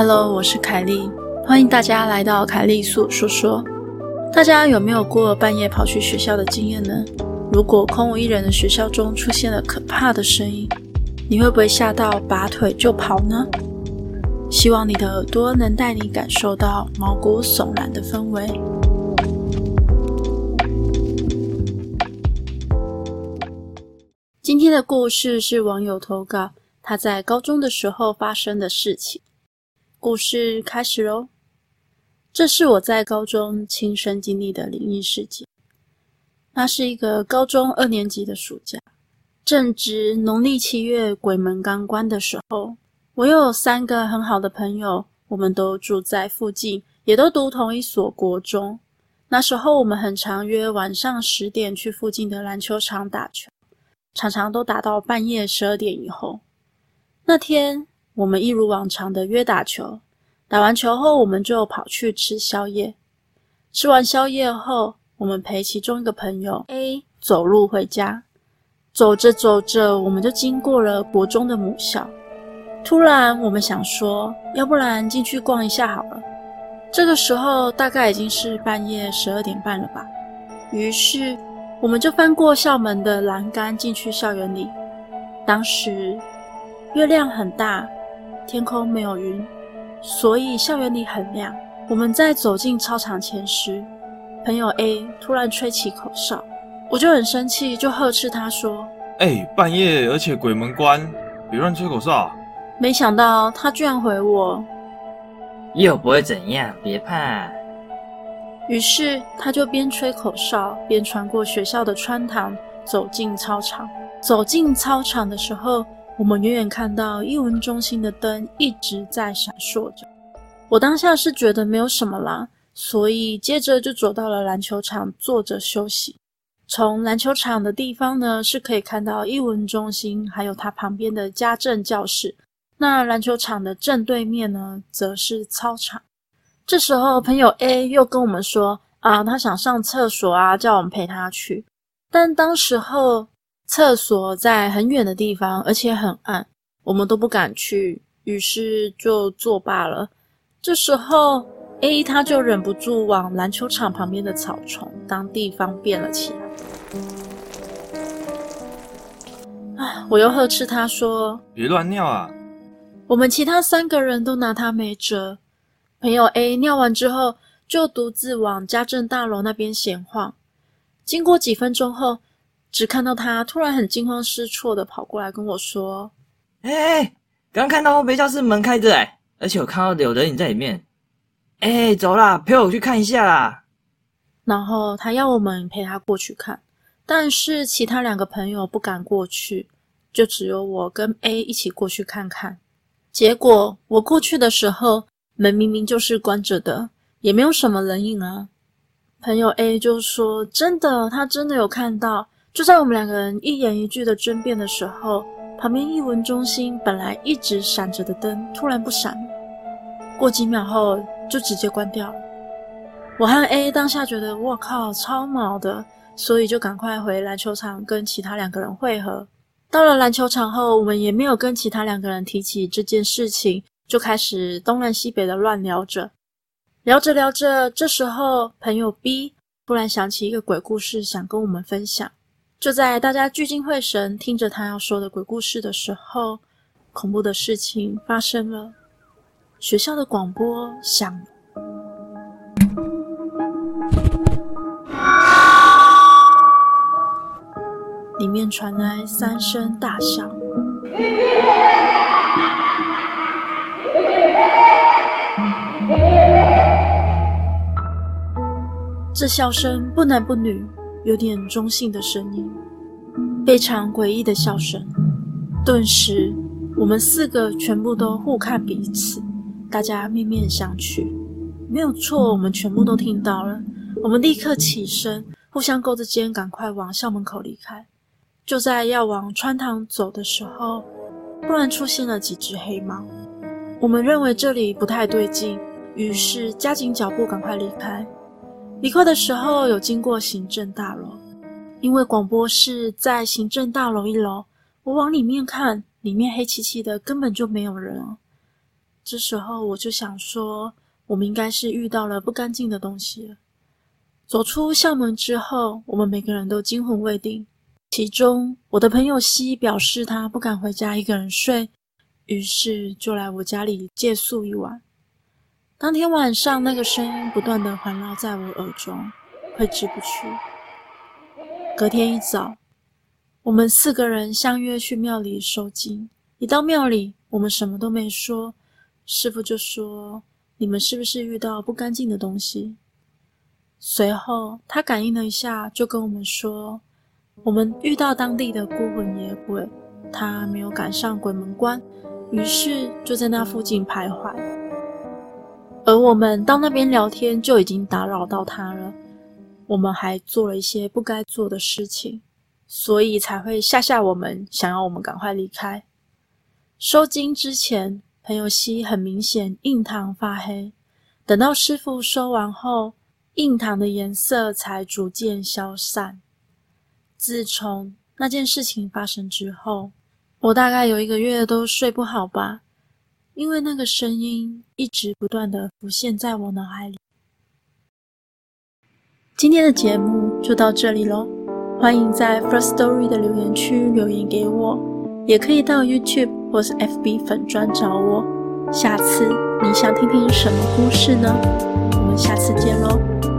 Hello，我是凱莉，歡迎大家來到凱莉粟說說。大家有沒有過半夜跑去學校的經驗呢？如果空無一人的學校中出現了可怕的聲音，你會不會嚇到拔腿就跑呢？希望你的耳朵能帶你感受到毛骨悚然的氛圍。今天的故事是網友投稿，他在高中的時候發生的事情。故事開始嘍，這是我在高中親身經歷的靈異事件。那是一個高中二年級的暑假，正值農曆七月鬼門剛關的時候。我又有三個很好的朋友，我們都住在附近，也都讀同一所國中。那時候我們很常約晚上十點去附近的籃球場打球，常常都打到半夜十二點以後。那天，我們一如往常的約打球，打完球後，我們就跑去吃宵夜。吃完宵夜後，我們陪其中一個朋友 A 走路回家。走着走着，我們就經過了國中的母校。突然，我們想說，要不然進去逛一下好了。這個時候大概已經是半夜十二點半了吧。於是，我們就翻過校門的欄杆，進去校園裡。當時月亮很大。天空沒有雲，所以校園裡很亮。我們在走進操場前時，朋友 A 突然吹起口哨，我就很生氣，就呵斥他說：“欸，半夜而且鬼門關，別亂吹口哨！”沒想到他居然回我：“又不會怎樣，別怕啊。”於是他就邊吹口哨邊穿過學校的穿堂走進操場。走進操場的時候。我們遠遠看到藝文中心的燈一直在閃爍着，我當下是覺得沒有什麼啦，所以接着就走到了籃球場坐着休息。從籃球場的地方呢，是可以看到藝文中心，還有它旁邊的家政教室。那籃球場的正對面呢，則是操場。這時候，朋友 A 又跟我們說啊，他想上廁所啊，叫我們陪他去。但當時候。廁所在很遠的地方，而且很暗，我們都不敢去，於是就作罷了。這時候，A 他就忍不住往籃球場旁邊的草叢當地方便了起來。啊！我又呵斥他說：“別亂尿啊！”我們其他三個人都拿他沒轍。朋友 A 尿完之後，就獨自往家政大樓那邊閒晃。經過幾分鐘後。只看到他突然很驚慌失措的跑過來跟我說：“哎、欸，剛、欸、看到後面教室門開着，哎，而且我看到有人影在裡面。哎、欸，走啦，陪我去看一下啦。”然後他要我們陪他過去看，但是其他兩個朋友不敢過去，就只有我跟 A 一起過去看看。結果我過去的時候，門明明就是關着的，也沒有什麼人影啊。朋友 A 就說：“真的，他真的有看到。”就在我們兩個人一言一句的爭辯的時候，旁邊藝文中心本來一直閃着的燈突然不閃了，過幾秒後就直接關掉。我和 A 當下覺得我靠超毛的，所以就趕快回籃球場跟其他兩個人匯合。到了籃球場後，我們也沒有跟其他兩個人提起這件事情，就開始東南西北的亂聊着。聊着聊着，這時候朋友 B 突然想起一個鬼故事，想跟我們分享。就在大家聚精會神聽着他要說的鬼故事的時候，恐怖的事情發生了。學校的廣播響了，裡面傳來三聲大笑，這笑聲不男不女。有點中性的聲音，非常詭異的笑聲。頓時，我們四個全部都互看彼此，大家面面相覷。沒有錯，我們全部都聽到了。我們立刻起身，互相勾着肩，趕快往校門口離開。就在要往穿堂走的時候，突然出現了幾只黑貓。我們認為這裡不太對勁，於是加緊腳步，趕快離開。離開的時候有經過行政大樓，因為廣播室在行政大樓一樓。我往裡面看，裡面黑漆漆的，根本就沒有人哦。這時候我就想說，我們應該是遇到了不乾淨的東西了。走出校門之後，我們每個人都驚魂未定。其中，我的朋友西表示他不敢回家一個人睡，於是就來我家裡借宿一晚。當天晚上，那個聲音不斷地環繞在我耳中，揮之不去。隔天一早，我們四個人相約去廟裡收驚。一到廟裡，我們什麼都沒說，師父就說：“你們是不是遇到不乾淨的東西？”隨後，他感應了一下，就跟我們說：“我們遇到當地的孤魂野鬼，他沒有趕上鬼門關，於是就在那附近徘徊。”而我們到那邊聊天就已經打擾到他了，我們還做了一些不該做的事情，所以才會嚇嚇我們，想要我們趕快離開。收金之前，朋友西很明顯印堂發黑，等到師傅收完後，印堂的顏色才逐漸消散。自從那件事情發生之後，我大概有一個月都睡不好吧。因為那個聲音一直不斷地浮現在我腦海裡。今天的節目就到這裡嘍，歡迎在 First Story 的留言區留言給我，也可以到 YouTube 或是 FB 粉專找我。下次你想聽聽什麼故事呢？我們下次見嘍。